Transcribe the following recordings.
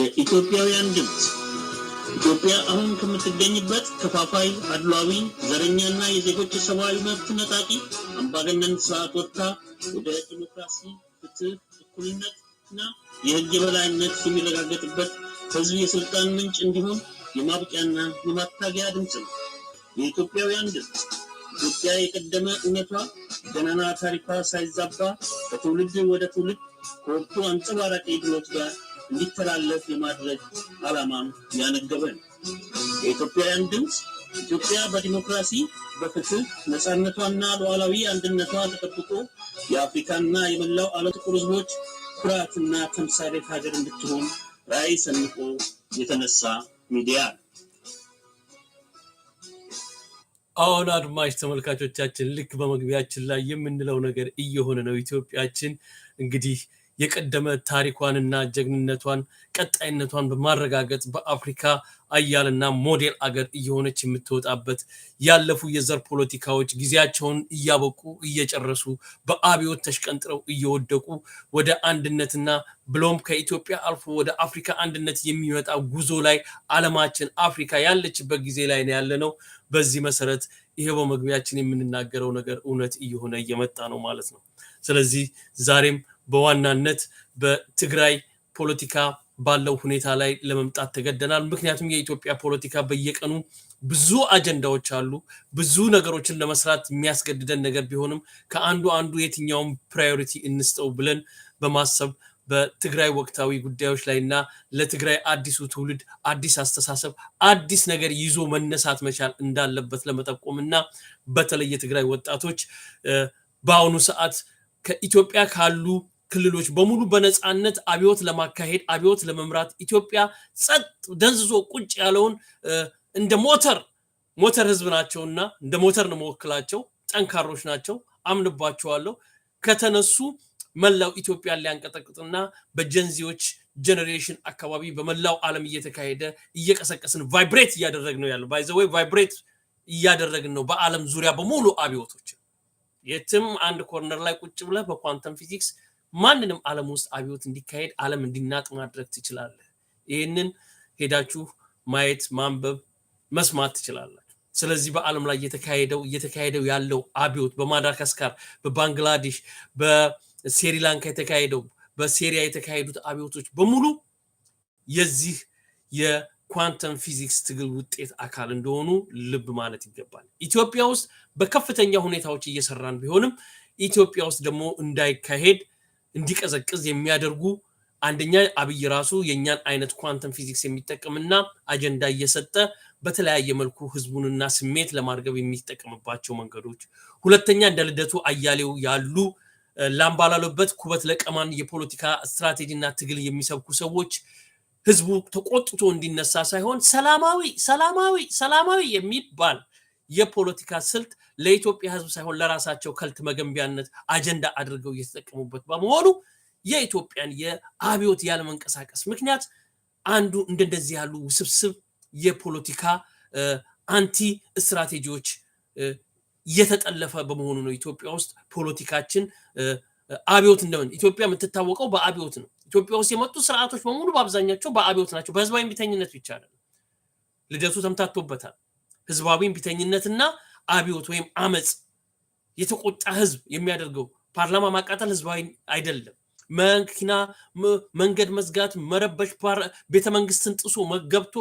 የኢትዮጵያውያን ድምፅ ኢትዮጵያ አሁን ከምትገኝበት ከፋፋይ አድሏዊ፣ ዘረኛና የዜጎች የሰብአዊ መብት ነጣቂ አምባገነን ስርዓት ወጥታ ወደ ዲሞክራሲ፣ ፍትህ፣ እኩልነትና የህግ የበላይነት የሚረጋገጥበት ህዝብ የስልጣን ምንጭ እንዲሆን የማብቂያና የማታጊያ ድምፅ ነው። የኢትዮጵያውያን ድምፅ ኢትዮጵያ የቀደመ እውነቷ ገናና ታሪኳ ሳይዛባ ከትውልድ ወደ ትውልድ ከወቅቱ አንጸባራቂ ድሎት ጋር እንዲተላለፍ የማድረግ ዓላማም ያነገበ ነው። የኢትዮጵያውያን ድምፅ ኢትዮጵያ በዲሞክራሲ በፍትህ ነፃነቷና ሉዓላዊ አንድነቷ ተጠብቆ የአፍሪካና የመላው ዓለም ጥቁር ህዝቦች ኩራትና ተምሳሌት ሀገር እንድትሆን ራዕይ ሰንቆ የተነሳ ሚዲያ ነው። አሁን አድማጭ ተመልካቾቻችን ልክ በመግቢያችን ላይ የምንለው ነገር እየሆነ ነው። ኢትዮጵያችን እንግዲህ የቀደመ ታሪኳንና ጀግንነቷን ቀጣይነቷን በማረጋገጥ በአፍሪካ አያልና ሞዴል አገር እየሆነች የምትወጣበት ያለፉ የዘር ፖለቲካዎች ጊዜያቸውን እያበቁ እየጨረሱ በአብዮት ተሽቀንጥረው እየወደቁ ወደ አንድነትና ብሎም ከኢትዮጵያ አልፎ ወደ አፍሪካ አንድነት የሚመጣ ጉዞ ላይ አለማችን አፍሪካ ያለችበት ጊዜ ላይ ነው ያለነው። በዚህ መሰረት ይሄ በመግቢያችን የምንናገረው ነገር እውነት እየሆነ እየመጣ ነው ማለት ነው። ስለዚህ ዛሬም በዋናነት በትግራይ ፖለቲካ ባለው ሁኔታ ላይ ለመምጣት ተገደናል። ምክንያቱም የኢትዮጵያ ፖለቲካ በየቀኑ ብዙ አጀንዳዎች አሉ። ብዙ ነገሮችን ለመስራት የሚያስገድደን ነገር ቢሆንም ከአንዱ አንዱ የትኛውም ፕራዮሪቲ እንስጠው ብለን በማሰብ በትግራይ ወቅታዊ ጉዳዮች ላይ እና ለትግራይ አዲሱ ትውልድ አዲስ አስተሳሰብ፣ አዲስ ነገር ይዞ መነሳት መቻል እንዳለበት ለመጠቆም እና በተለይ የትግራይ ወጣቶች በአሁኑ ሰዓት ከኢትዮጵያ ካሉ ክልሎች በሙሉ በነፃነት አብዮት ለማካሄድ አብዮት ለመምራት ኢትዮጵያ ጸጥ ደንዝዞ ቁጭ ያለውን እንደ ሞተር ሞተር ህዝብ ናቸው እና እንደ ሞተር ነው መወክላቸው። ጠንካሮች ናቸው፣ አምንባቸዋለሁ። ከተነሱ መላው ኢትዮጵያን ሊያንቀጠቅጥና በጀንዚዎች ጀኔሬሽን አካባቢ በመላው ዓለም እየተካሄደ እየቀሰቀስን ቫይብሬት እያደረግ ነው ያለው። ባይዘ ወይ ቫይብሬት እያደረግን ነው በዓለም ዙሪያ በሙሉ አብዮቶች የትም አንድ ኮርነር ላይ ቁጭ ብለህ በኳንተም ፊዚክስ ማንንም ዓለም ውስጥ አብዮት እንዲካሄድ ዓለም እንዲናጥ ማድረግ ትችላለህ። ይህንን ሄዳችሁ ማየት፣ ማንበብ፣ መስማት ትችላላችሁ። ስለዚህ በዓለም ላይ እየተካሄደው እየተካሄደው ያለው አብዮት በማዳጋስካር፣ በባንግላዴሽ፣ በስሪላንካ የተካሄደው በሴሪያ የተካሄዱት አብዮቶች በሙሉ የዚህ የኳንተም ፊዚክስ ትግል ውጤት አካል እንደሆኑ ልብ ማለት ይገባል። ኢትዮጵያ ውስጥ በከፍተኛ ሁኔታዎች እየሰራን ቢሆንም ኢትዮጵያ ውስጥ ደግሞ እንዳይካሄድ እንዲቀዘቅዝ የሚያደርጉ አንደኛ አብይ ራሱ የእኛን አይነት ኳንተም ፊዚክስ የሚጠቀምና አጀንዳ እየሰጠ በተለያየ መልኩ ህዝቡንና ስሜት ለማርገብ የሚጠቀምባቸው መንገዶች፣ ሁለተኛ እንደ ልደቱ አያሌው ያሉ ላምባላሉበት ኩበት ለቀማን የፖለቲካ ስትራቴጂና ትግል የሚሰብኩ ሰዎች ህዝቡ ተቆጥቶ እንዲነሳ ሳይሆን ሰላማዊ ሰላማዊ ሰላማዊ የሚባል የፖለቲካ ስልት ለኢትዮጵያ ህዝብ ሳይሆን ለራሳቸው ከልት መገንቢያነት አጀንዳ አድርገው እየተጠቀሙበት በመሆኑ የኢትዮጵያን የአብዮት ያለመንቀሳቀስ ምክንያት አንዱ እንደእንደዚህ ያሉ ውስብስብ የፖለቲካ አንቲ ስትራቴጂዎች እየተጠለፈ በመሆኑ ነው። ኢትዮጵያ ውስጥ ፖለቲካችን አብዮት እንደምን ኢትዮጵያ የምትታወቀው በአብዮት ነው። ኢትዮጵያ ውስጥ የመጡ ስርዓቶች በሙሉ በአብዛኛቸው በአብዮት ናቸው። በህዝባዊ ቢተኝነት ብቻ ልደቱ ተምታቶበታል። ህዝባዊ ቢተኝነትና አብዮት ወይም አመፅ የተቆጣ ህዝብ የሚያደርገው ፓርላማ ማቃጠል ህዝባዊ አይደለም። መኪና መንገድ መዝጋት፣ መረበሽ፣ ቤተ መንግስትን ጥሶ ገብቶ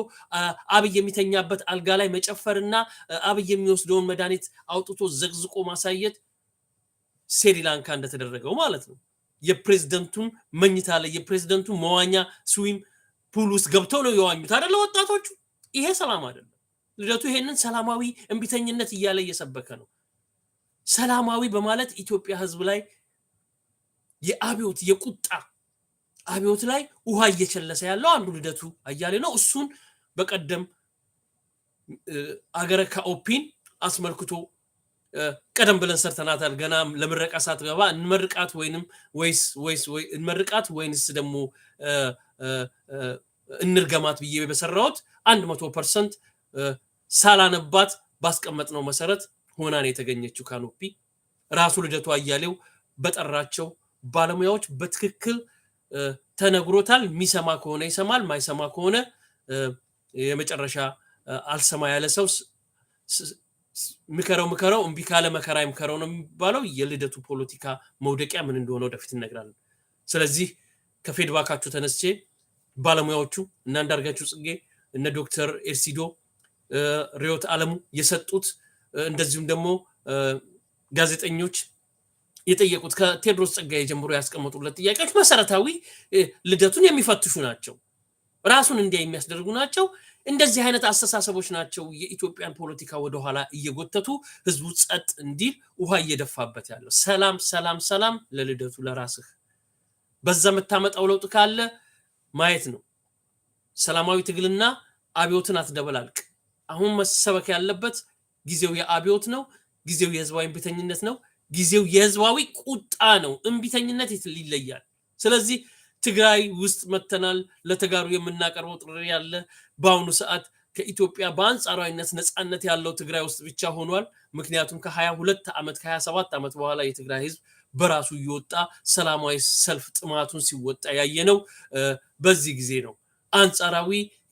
አብይ የሚተኛበት አልጋ ላይ መጨፈር እና አብይ የሚወስደውን መድኃኒት አውጥቶ ዘቅዝቆ ማሳየት ስሪላንካ እንደተደረገው ማለት ነው። የፕሬዝደንቱን መኝታ ላይ የፕሬዝደንቱን መዋኛ ስዊም ፑል ውስጥ ገብተው ነው የዋኙት አደለ ወጣቶቹ ይሄ ሰላም አይደለም። ልደቱ ይሄንን ሰላማዊ እንቢተኝነት እያለ እየሰበከ ነው። ሰላማዊ በማለት ኢትዮጵያ ሕዝብ ላይ የአብዮት የቁጣ አብዮት ላይ ውሃ እየቸለሰ ያለው አንዱ ልደቱ አያሌ ነው። እሱን በቀደም አገረ ከኦፒን አስመልክቶ ቀደም ብለን ሰርተናታል። ገና ለምረቃ ሳትገባ እንመርቃት ወይንም ወይስ ወይስ እንመርቃት ወይንስ ደግሞ እንርገማት ብዬ በሰራሁት አንድ መቶ ፐርሰንት ሳላነባት ባስቀመጥነው መሰረት ሆናን የተገኘችው ካኖፒ ራሱ ልደቱ አያሌው በጠራቸው ባለሙያዎች በትክክል ተነግሮታል። የሚሰማ ከሆነ ይሰማል፣ ማይሰማ ከሆነ የመጨረሻ አልሰማ ያለ ሰው ምከረው ምከረው እምቢ ካለ መከራ ይምከረው ነው የሚባለው። የልደቱ ፖለቲካ መውደቂያ ምን እንደሆነ ወደፊት እነግራለን። ስለዚህ ከፌድባካችሁ ተነስቼ ባለሙያዎቹ እነ አንዳርጋቸው ጽጌ፣ እነ ዶክተር ኤርሲዶ ሪዮት አለሙ የሰጡት እንደዚሁም ደግሞ ጋዜጠኞች የጠየቁት ከቴዎድሮስ ጸጋዬ ጀምሮ ያስቀመጡለት ጥያቄዎች መሰረታዊ ልደቱን የሚፈትሹ ናቸው። ራሱን እንዲያ የሚያስደርጉ ናቸው። እንደዚህ አይነት አስተሳሰቦች ናቸው የኢትዮጵያን ፖለቲካ ወደኋላ እየጎተቱ ህዝቡ ጸጥ እንዲል ውሃ እየደፋበት ያለው። ሰላም ሰላም ሰላም ለልደቱ ለራስህ በዛ የምታመጣው ለውጥ ካለ ማየት ነው። ሰላማዊ ትግልና አብዮትን አትደበላልቅ። አሁን መሰበክ ያለበት ጊዜው የአብዮት ነው። ጊዜው የህዝባዊ እንቢተኝነት ነው። ጊዜው የህዝባዊ ቁጣ ነው። እንቢተኝነት ይለያል። ስለዚህ ትግራይ ውስጥ መተናል። ለተጋሩ የምናቀርበው ጥሪ ያለ በአሁኑ ሰዓት ከኢትዮጵያ በአንጻራዊነት ነፃነት ያለው ትግራይ ውስጥ ብቻ ሆኗል። ምክንያቱም ከ22 ዓመት ከ27 ዓመት በኋላ የትግራይ ህዝብ በራሱ እየወጣ ሰላማዊ ሰልፍ ጥማቱን ሲወጣ ያየ ነው። በዚህ ጊዜ ነው አንጻራዊ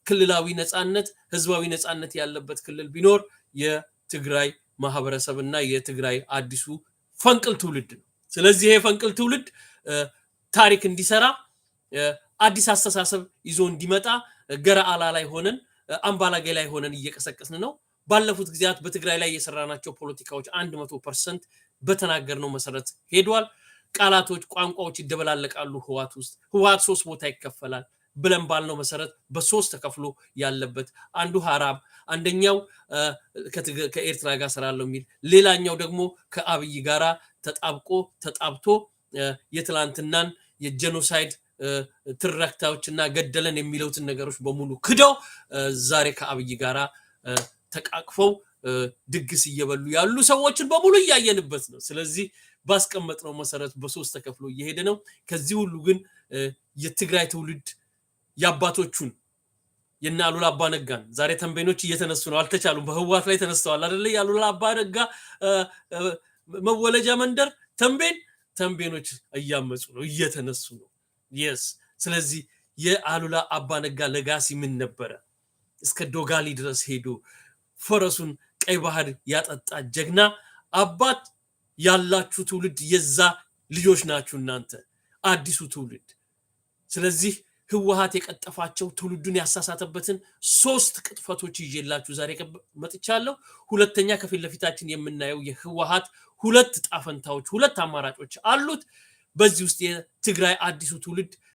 ክልላዊ ነፃነት፣ ህዝባዊ ነፃነት ያለበት ክልል ቢኖር የትግራይ ማህበረሰብ እና የትግራይ አዲሱ ፈንቅል ትውልድ ነው። ስለዚህ ይሄ ፈንቅል ትውልድ ታሪክ እንዲሰራ አዲስ አስተሳሰብ ይዞ እንዲመጣ ገረአላ ላይ ሆነን አምባላጌ ላይ ሆነን እየቀሰቀስን ነው። ባለፉት ጊዜያት በትግራይ ላይ የሰራናቸው ፖለቲካዎች አንድ መቶ ፐርሰንት በተናገርነው መሰረት ሄዷል። ቃላቶች፣ ቋንቋዎች ይደበላለቃሉ። ህወሓት ውስጥ ህወሓት ሶስት ቦታ ይከፈላል። ብለን ባልነው መሰረት በሶስት ተከፍሎ ያለበት አንዱ ሀራብ አንደኛው ከኤርትራ ጋር ስራለው የሚል ሌላኛው ደግሞ ከአብይ ጋራ ተጣብቆ ተጣብቶ የትላንትናን የጀኖሳይድ ትረክታዎችና ገደለን የሚለውትን ነገሮች በሙሉ ክደው ዛሬ ከአብይ ጋራ ተቃቅፈው ድግስ እየበሉ ያሉ ሰዎችን በሙሉ እያየንበት ነው። ስለዚህ ባስቀመጥነው መሰረት በሶስት ተከፍሎ እየሄደ ነው። ከዚህ ሁሉ ግን የትግራይ ትውልድ የአባቶቹን የእነ አሉላ አባ ነጋን ዛሬ ተንቤኖች እየተነሱ ነው። አልተቻሉም። በህዋት ላይ ተነስተዋል አደለ? የአሉላ አባ ነጋ መወለጃ መንደር ተንቤን ተንቤኖች እያመፁ ነው፣ እየተነሱ ነው። የስ ስለዚህ የአሉላ አባ ነጋ ለጋሲ ምን ነበረ? እስከ ዶጋሊ ድረስ ሄዶ ፈረሱን ቀይ ባህር ያጠጣ ጀግና አባት ያላችሁ ትውልድ የዛ ልጆች ናችሁ እናንተ አዲሱ ትውልድ። ስለዚህ ህወሀት የቀጠፋቸው ትውልዱን ያሳሳተበትን ሶስት ቅጥፈቶች ይዤላችሁ ዛሬ መጥቻለሁ። ሁለተኛ ከፊት ለፊታችን የምናየው የህወሀት ሁለት ጣፈንታዎች ሁለት አማራጮች አሉት። በዚህ ውስጥ የትግራይ አዲሱ ትውልድ